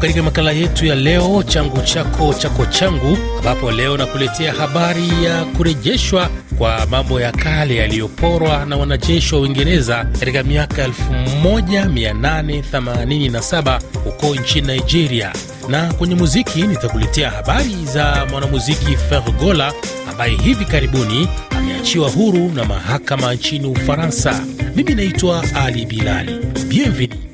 katika makala yetu ya leo, changu chako chako changu, ambapo leo nakuletea habari ya kurejeshwa kwa mambo ya kale yaliyoporwa na wanajeshi wa Uingereza katika miaka 1887 huko nchini Nigeria. Na kwenye muziki nitakuletea habari za mwanamuziki Fergola ambaye hivi karibuni ameachiwa huru na mahakama nchini Ufaransa. Mimi naitwa Ali Bilali. Bienvenue.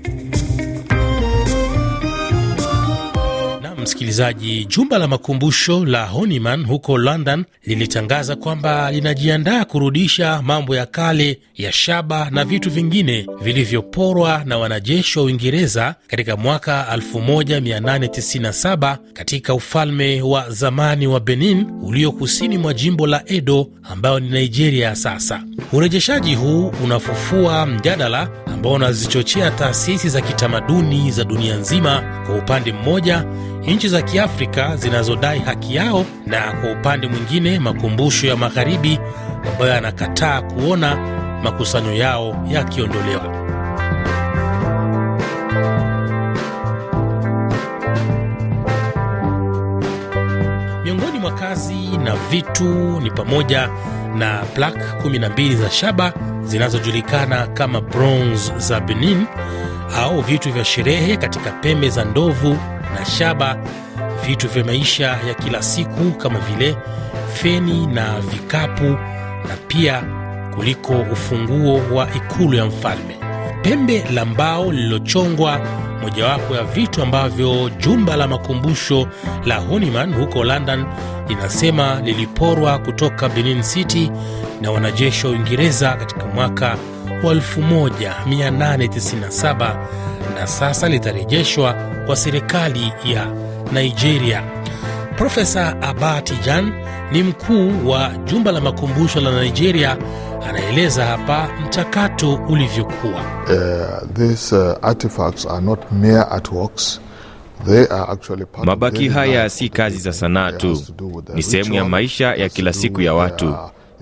msikilizaji, jumba la makumbusho la Honiman huko London lilitangaza kwamba linajiandaa kurudisha mambo ya kale ya shaba na vitu vingine vilivyoporwa na wanajeshi wa Uingereza katika mwaka 1897 katika ufalme wa zamani wa Benin ulio kusini mwa jimbo la Edo ambayo ni Nigeria ya sasa. Urejeshaji huu unafufua mjadala ambao unazichochea taasisi za kitamaduni za dunia nzima kwa upande mmoja nchi za Kiafrika zinazodai haki yao, na kwa upande mwingine makumbusho ya Magharibi ambayo yanakataa kuona makusanyo yao yakiondolewa. Miongoni mwa kazi na vitu ni pamoja na plak 12 za shaba zinazojulikana kama bronze za Benin au vitu vya sherehe katika pembe za ndovu na shaba, vitu vya maisha ya kila siku kama vile feni na vikapu, na pia kuliko ufunguo wa ikulu ya mfalme, pembe la mbao lililochongwa, mojawapo ya vitu ambavyo jumba la makumbusho la Huniman huko London linasema liliporwa kutoka Benin City na wanajeshi wa Uingereza katika mwaka wa 1897 na sasa litarejeshwa kwa serikali ya Nigeria. Profesa abatijan ni mkuu wa jumba la makumbusho la Nigeria. Anaeleza hapa mchakato ulivyokuwa. Uh, uh mabaki haya si kazi za sanaa tu, ni sehemu ya maisha ya kila siku ya watu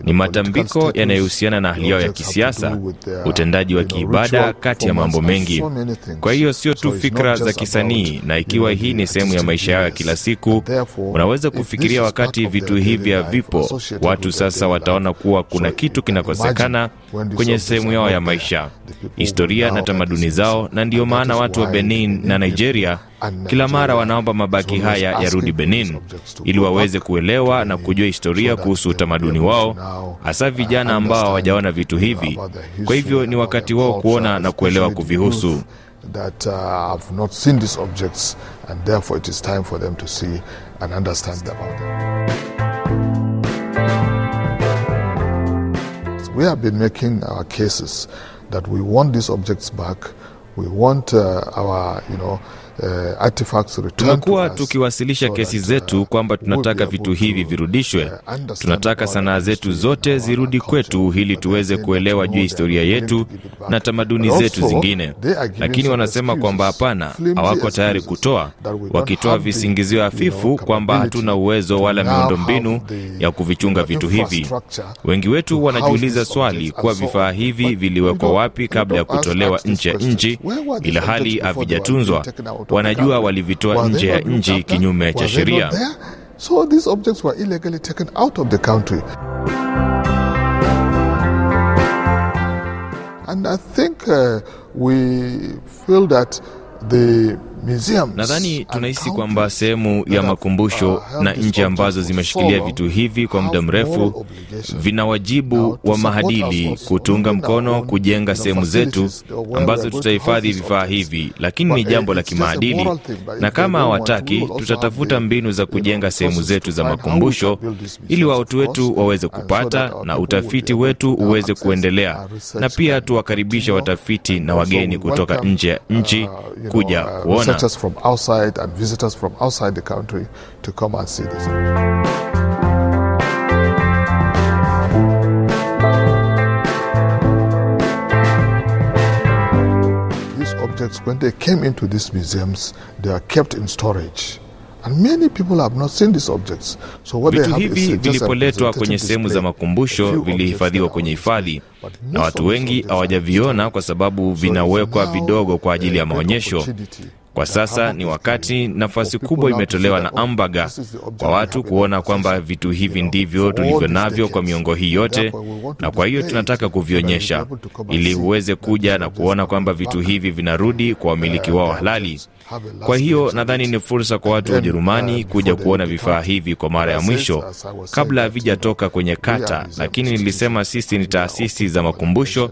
ni matambiko yanayohusiana na hali yao ya kisiasa, utendaji wa kiibada, kati ya mambo mengi. Kwa hiyo sio tu fikra za kisanii, na ikiwa hii ni sehemu ya maisha yao ya kila siku, unaweza kufikiria wakati vitu hivi havipo, watu sasa wataona kuwa kuna kitu kinakosekana kwenye sehemu yao ya maisha, historia na tamaduni zao, na ndiyo maana watu wa Benin na Nigeria kila mara wanaomba mabaki haya yarudi Benin ili waweze kuelewa na kujua historia kuhusu utamaduni wao, hasa vijana ambao hawajaona vitu hivi. Kwa hivyo ni wakati wao kuona na kuelewa kuvihusu. Uh, that, we want these objects back. We want uh, our, you know, Uh, Tumekuwa tukiwasilisha kesi zetu uh, kwamba tunataka vitu hivi virudishwe. Tunataka sanaa zetu zote zirudi kwetu, ili tuweze kuelewa juu ya historia yetu na tamaduni zetu zingine, lakini wanasema kwamba hapana, hawako tayari kutoa, wakitoa visingizio hafifu kwamba hatuna uwezo wala miundombinu ya kuvichunga vitu hivi. Wengi wetu wanajiuliza swali kuwa vifaa hivi viliwekwa wapi kabla ya kutolewa nje ya nchi, ila hali havijatunzwa wanajua walivitoa nje ya nchi kinyume cha sheria. So these objects were illegally taken out of the country. And I think uh, we feel that the Nadhani tunahisi kwamba sehemu ya makumbusho na nchi ambazo zimeshikilia vitu hivi kwa muda mrefu vina wajibu wa mahadili kutunga mkono kujenga sehemu zetu ambazo tutahifadhi vifaa hivi, lakini ni jambo la kimaadili, na kama hawataki, tutatafuta mbinu za kujenga sehemu zetu za makumbusho ili watu wetu waweze kupata na utafiti wetu uweze kuendelea, na pia tuwakaribisha watafiti na wageni kutoka nje ya nchi uh, kuja uh, kuona doctors from outside and visitors from outside the country to come and see this. These objects, when they came into these museums, they are kept in storage. And many people have not seen these objects. So what vitu hivi vilipoletwa kwenye sehemu za makumbusho vilihifadhiwa kwenye hifadhi na watu wengi hawajaviona kwa sababu vinawekwa vidogo kwa ajili ya maonyesho, kwa sasa ni wakati nafasi kubwa imetolewa na Ambaga kwa watu kuona kwamba vitu hivi ndivyo tulivyo navyo kwa miongo hii yote, na kwa hiyo tunataka kuvionyesha ili huweze kuja na kuona kwamba vitu hivi vinarudi kwa wamiliki wao halali. Kwa hiyo nadhani ni fursa kwa watu wa Ujerumani kuja kuona vifaa hivi kwa mara ya mwisho kabla havijatoka kwenye kata, lakini nilisema sisi ni taasisi za makumbusho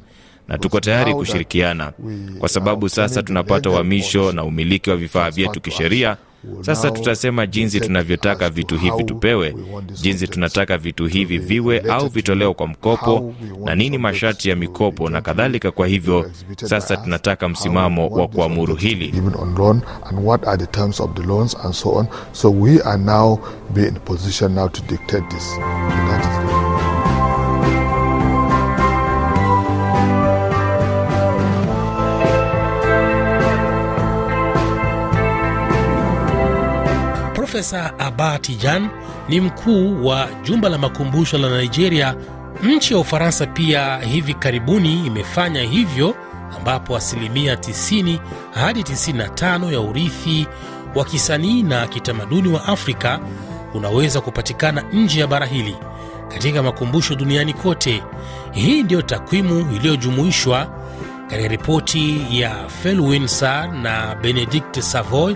na tuko tayari kushirikiana, kwa sababu sasa tunapata uhamisho na umiliki wa vifaa vyetu kisheria. Sasa tutasema jinsi tunavyotaka vitu hivi tupewe, jinsi tunataka vitu hivi viwe au vitolewe kwa mkopo, na nini masharti ya mikopo na kadhalika. Kwa hivyo sasa tunataka msimamo wa kuamuru hili. So we are now be in position now to dictate this. That is Profesa Aba Tijan ni mkuu wa jumba la makumbusho la Nigeria. Nchi ya Ufaransa pia hivi karibuni imefanya hivyo, ambapo asilimia 90 hadi 95 ya urithi wa kisanii na kitamaduni wa Afrika unaweza kupatikana nje ya bara hili katika makumbusho duniani kote. Hii ndiyo takwimu iliyojumuishwa katika ripoti ya felwinsa na Benedict Savoy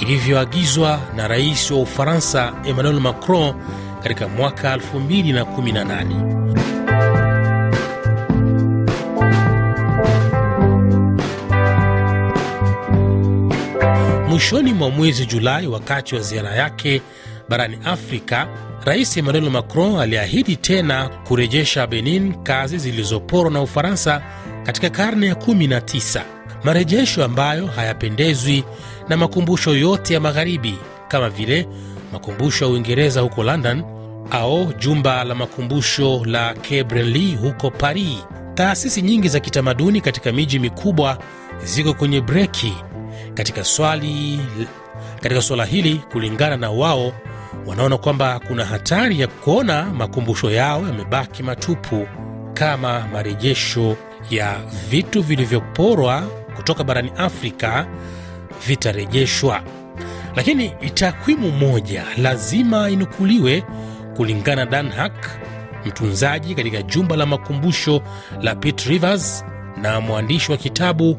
ilivyoagizwa na rais wa Ufaransa Emmanuel Macron katika mwaka 2018. Mwishoni mwa mwezi Julai, wakati wa ziara yake barani Afrika, Rais Emmanuel Macron aliahidi tena kurejesha Benin kazi zilizoporwa na Ufaransa katika karne ya 19 marejesho ambayo hayapendezwi na makumbusho yote ya magharibi kama vile makumbusho ya Uingereza huko London au jumba la makumbusho la Cabreli huko Paris. Taasisi nyingi za kitamaduni katika miji mikubwa ziko kwenye breki katika swali, katika suala hili. Kulingana na wao, wanaona kwamba kuna hatari ya kuona makumbusho yao yamebaki matupu kama marejesho ya vitu vilivyoporwa kutoka barani Afrika vitarejeshwa, lakini takwimu moja lazima inukuliwe. Kulingana Danhak, mtunzaji katika jumba la makumbusho la pit Rivers na mwandishi wa kitabu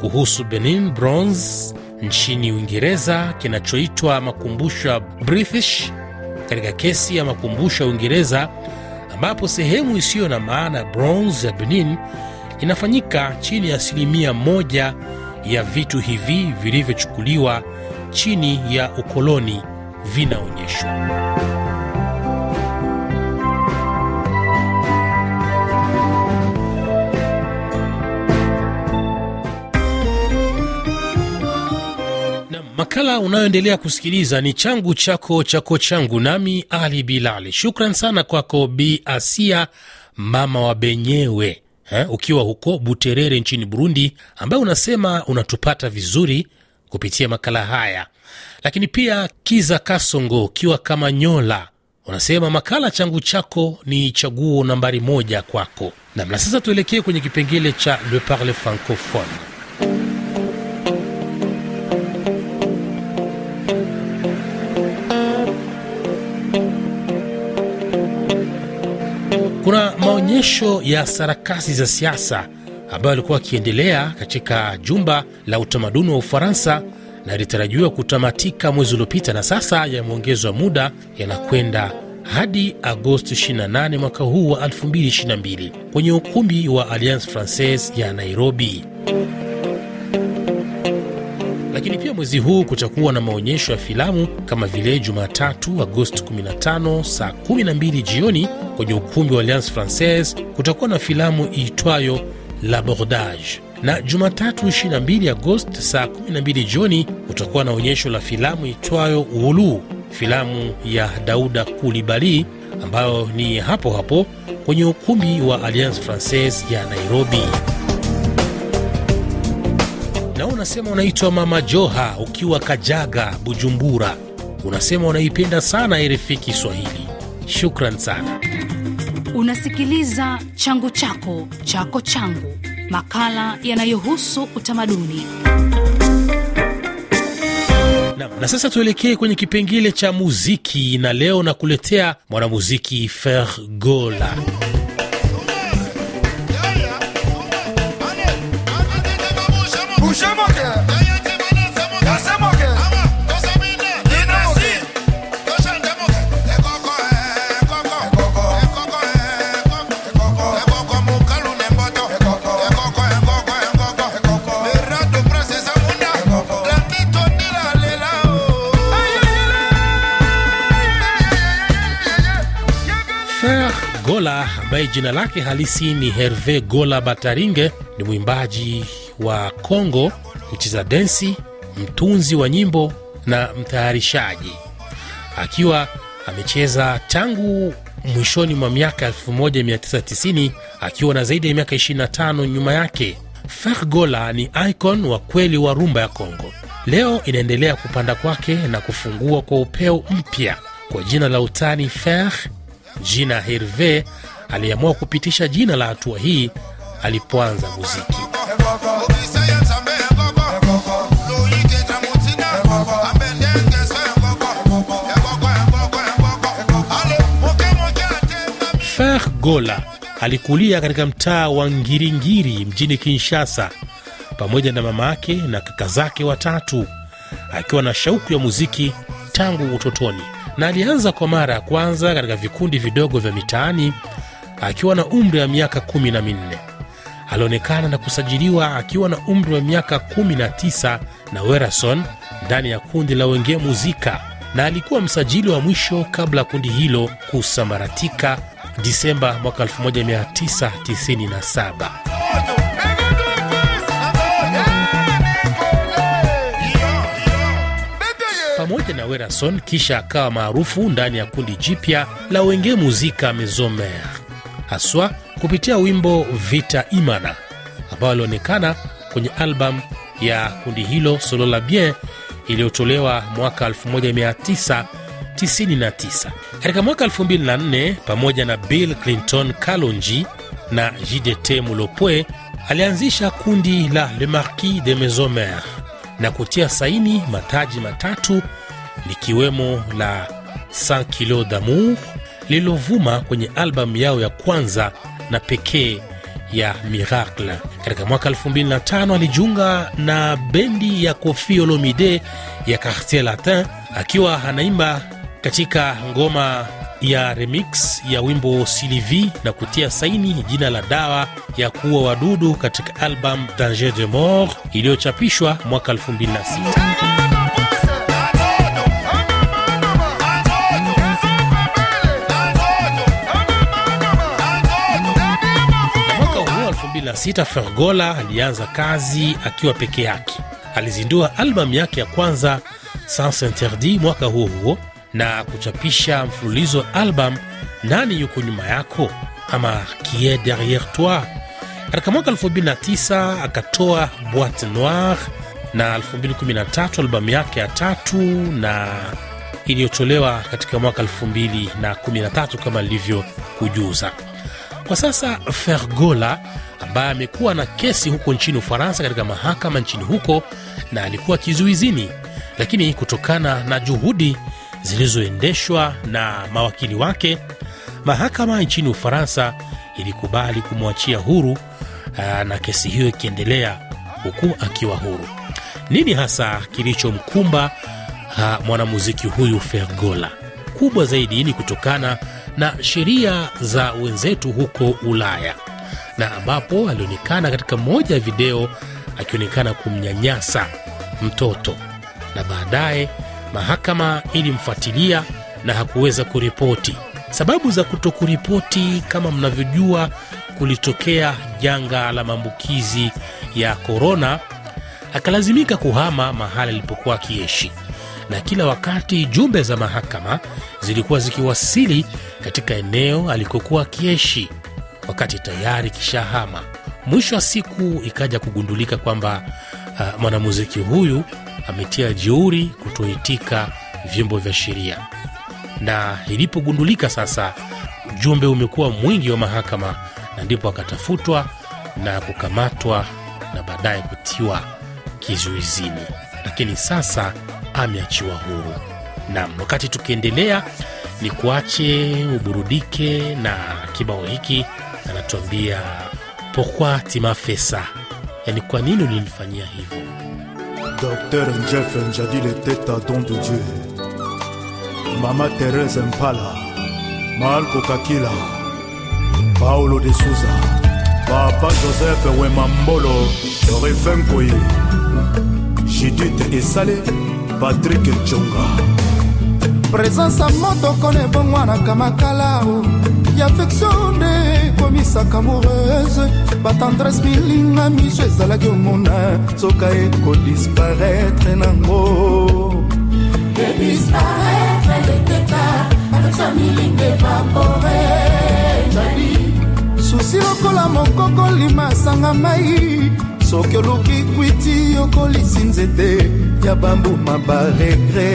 kuhusu Benin Bronze nchini Uingereza kinachoitwa makumbusho ya British katika kesi ya makumbusho ya Uingereza ambapo sehemu isiyo na maana bronze ya Benin inafanyika chini ya asilimia moja ya vitu hivi vilivyochukuliwa chini ya ukoloni vinaonyeshwa. Makala unayoendelea kusikiliza ni changu chako chako changu, nami Ali Bilali. Shukran sana kwako Bi Asia, mama wa Benyewe eh, ukiwa huko Buterere nchini Burundi, ambayo unasema unatupata vizuri kupitia makala haya, lakini pia Kiza Kasongo ukiwa kama nyola unasema makala changu chako ni chaguo nambari moja kwako namna. Sasa tuelekee kwenye kipengele cha Le Parle Francophone. maonyesho ya sarakasi za siasa ambayo alikuwa akiendelea katika jumba la utamaduni wa Ufaransa na ilitarajiwa kutamatika mwezi uliopita na sasa yameongezwa muda, yanakwenda hadi Agosti 28 mwaka huu wa 2022 kwenye ukumbi wa Alliance Francaise ya Nairobi mwezi huu kutakuwa na maonyesho ya filamu kama vile Jumatatu Agosti 15 saa 12 jioni kwenye ukumbi wa Alliance Francaise kutakuwa na filamu iitwayo L'Abordage na Jumatatu 22 Agosti saa 12 jioni kutakuwa na onyesho la filamu itwayo Wulu, filamu ya Dauda Kulibali ambayo ni hapo hapo kwenye ukumbi wa Alliance Francaise ya Nairobi. Na unasema unaitwa Mama Joha ukiwa Kajaga, Bujumbura, unasema unaipenda sana RFI Kiswahili. Shukran sana. Unasikiliza changu chako chako changu, makala yanayohusu utamaduni na, na sasa tuelekee kwenye kipengele cha muziki, na leo nakuletea mwanamuziki Fergola. ambaye jina lake halisi ni Herve Gola Bataringe ni mwimbaji wa Kongo, mcheza densi, mtunzi wa nyimbo na mtayarishaji, akiwa amecheza tangu mwishoni mwa miaka 1990 akiwa na zaidi ya miaka 25 nyuma yake. Fer Gola ni icon wa kweli wa rumba ya Kongo. Leo inaendelea kupanda kwake na kufungua kwa upeo mpya kwa jina la utani Fer, jina Herve aliamua kupitisha jina la hatua hii alipoanza muziki. Fer Gola alikulia katika mtaa wa Ngiringiri mjini Kinshasa pamoja na mama yake na kaka zake watatu, akiwa na shauku ya muziki tangu utotoni, na alianza kwa mara ya kwanza katika vikundi vidogo vya mitaani akiwa na umri wa miaka kumi na minne. Alionekana na kusajiliwa akiwa na umri wa miaka 19 na Werason ndani ya kundi la Wenge Muzika, na alikuwa msajili wa mwisho kabla ya kundi hilo kusambaratika Disemba 1997. Pamoja na Werason kisha akawa maarufu ndani ya kundi jipya la Wenge Muzika Mezomer haswa kupitia wimbo Vita Imana ambayo alionekana kwenye albam ya kundi hilo Solo la Bien iliyotolewa mwaka 1999. Katika mwaka 2004 pamoja na Bill Clinton Kalonji na JDT Mulopwe alianzisha kundi la Le Marquis de mesomer na kutia saini mataji matatu likiwemo la 100 kilo d'amour lililovuma kwenye albamu yao ya kwanza na pekee ya Miracle. Katika mwaka 2005 alijiunga na bendi ya Koffi Olomide ya Quartier Latin akiwa anaimba katika ngoma ya remix ya wimbo Sylvie na kutia saini jina la dawa ya kuua wadudu katika album Danger de Mort iliyochapishwa mwaka 2006. 2016 Fergola alianza kazi akiwa peke yake. Alizindua albamu yake ya kwanza Sans Interdit mwaka huo huo na kuchapisha mfululizo wa albamu Nani Yuko Nyuma Yako ama Qui Est Derriere Toi. Katika mwaka 2009 akatoa Boite Noire na 2013 albamu yake ya tatu na iliyotolewa katika mwaka 2013 kama ilivyokujuza. Kwa sasa Fergola ambaye amekuwa na kesi huko nchini Ufaransa katika mahakama nchini huko na alikuwa kizuizini, lakini kutokana na juhudi zilizoendeshwa na mawakili wake, mahakama nchini Ufaransa ilikubali kumwachia huru na kesi hiyo ikiendelea huku akiwa huru. Nini hasa kilichomkumba mwanamuziki huyu Fergola? Kubwa zaidi ni kutokana na sheria za wenzetu huko Ulaya na ambapo alionekana katika moja ya video akionekana kumnyanyasa mtoto, na baadaye mahakama ilimfuatilia na hakuweza kuripoti. Sababu za kutokuripoti, kama mnavyojua, kulitokea janga la maambukizi ya korona, akalazimika kuhama mahali alipokuwa akiishi, na kila wakati jumbe za mahakama zilikuwa zikiwasili katika eneo alikokuwa kieshi wakati tayari kishahama. Mwisho wa siku ikaja kugundulika kwamba uh, mwanamuziki huyu ametia jeuri kutoitika vyombo vya sheria, na ilipogundulika sasa, ujumbe umekuwa mwingi wa mahakama, na ndipo akatafutwa na kukamatwa na baadaye kutiwa kizuizini, lakini sasa ameachiwa huru. Nam, wakati tukiendelea ni kuache uburudike na kibao hiki anatuambia pokwa timafesa yani kwa nini ulinifanyia hivyo Docteur Jeff Njadil le teta don de Dieu. Mama terese Mpala, Marco Kakila, Paulo de Souza, Papa Joseph Wemambolo, Dorifem Koye, Judith Esale, Patrick Tchonga. présence ya motoko na ebongwanaka makala ya affection nde ekomisaka amoureuse batendresse milinga miso ezalaki omona soka ekodisparaitre nango susi lokola mokoko lima asanga mai soki oluki kwiti okolisi nzete ya bambuma baregre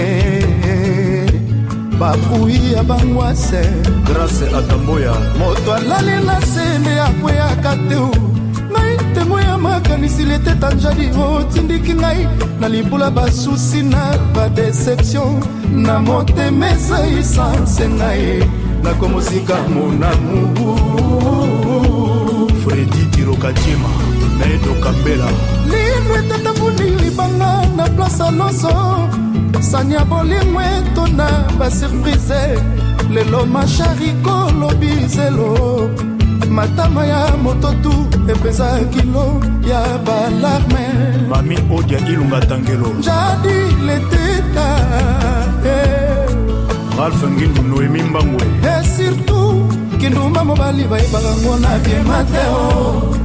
bafui ya bangwase grase atamboya moto alali na sende akweyaka te ngai ntengo ya makanisili ete tanjali otindiki ngai na libula basusi na badeception na motema ezai sanse ngai nakomosika monamu fredi tirokatiema medo kambela lino etatafuni libanga na plasa nyonso sani ya bolingo etona basurprise lelo mashari kolobi zelo matama ya mototu epeza kilo ya balarme mami odia ilunga tangelo jadi leteta eh. ralf ngindu noemi mbangwe e eh, surtout kinduma mobali bayebaka ngo na biema te o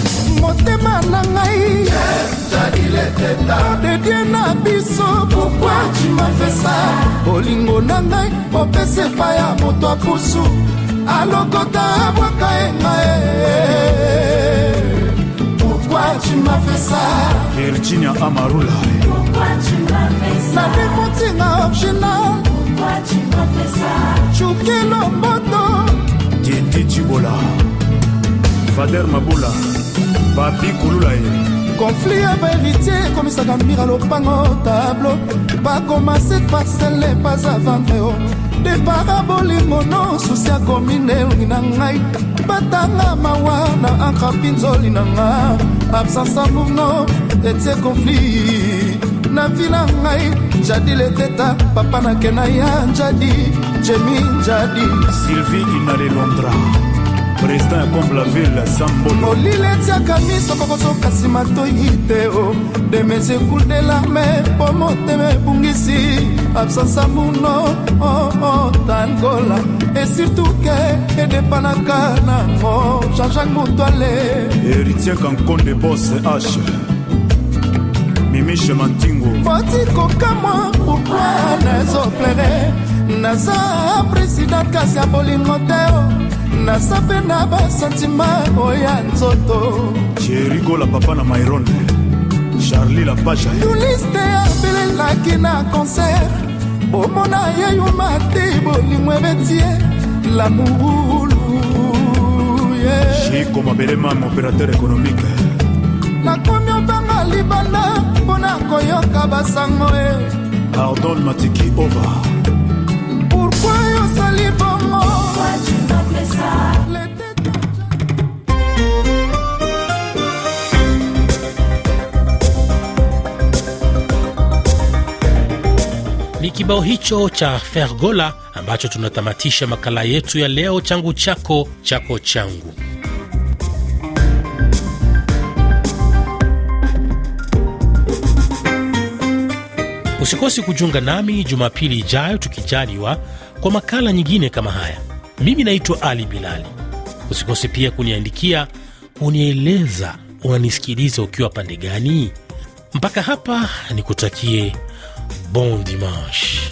motema na ngai odedie na biso pokwa cimafesa bolingo na ngai opesa epai ya moto apusu alokota abwaka enga e pokwa cimafesa virginia amarula nade motinga original cukilomboto titi cibola fader mabula papi kulula ye konfli ya baheritier ekomisaka mbira lopango tablo bakoma set parcele pas avandreo depara bolingono susi akomi nelongi na ngai batanga mawa na ankrapi nzoli na nga absence amurno etie konfli na vi na ngai jadi leteta papa nakena ya jadi jemi jadi sylvie inalelondra prestin comme la ville sambolo olila etiaka miso kokosoka nsima toyi te o demese ekul de larme mpo motema ebungisi absansa muno otangola oh, oh, e surtout ke edepanaka nango oh, jean-jacques mutwale héritier canconde bos h mimishe mantingo boti kokamwa pourkui nazoplere naza présidente kasi ya bolingo te o naza mpe na basantima oya nzoto jerigola papa na myron charli la paja yuliste abelelaki na concert bomona yeyuma te bolingo ebeti ye lamuluye jiko mabelema opérateur économique nakomi obanga libanda mpo na koyoka basango e pardon matiki ova pourkui osali bongo Ni kibao hicho cha Fergola ambacho tunatamatisha makala yetu ya leo, changu chako chako changu. Usikosi kujunga nami Jumapili ijayo tukijaliwa, kwa makala nyingine kama haya. Mimi naitwa Ali Bilali. Usikose pia kuniandikia, unieleza unanisikiliza ukiwa pande gani. Mpaka hapa nikutakie bon dimanche.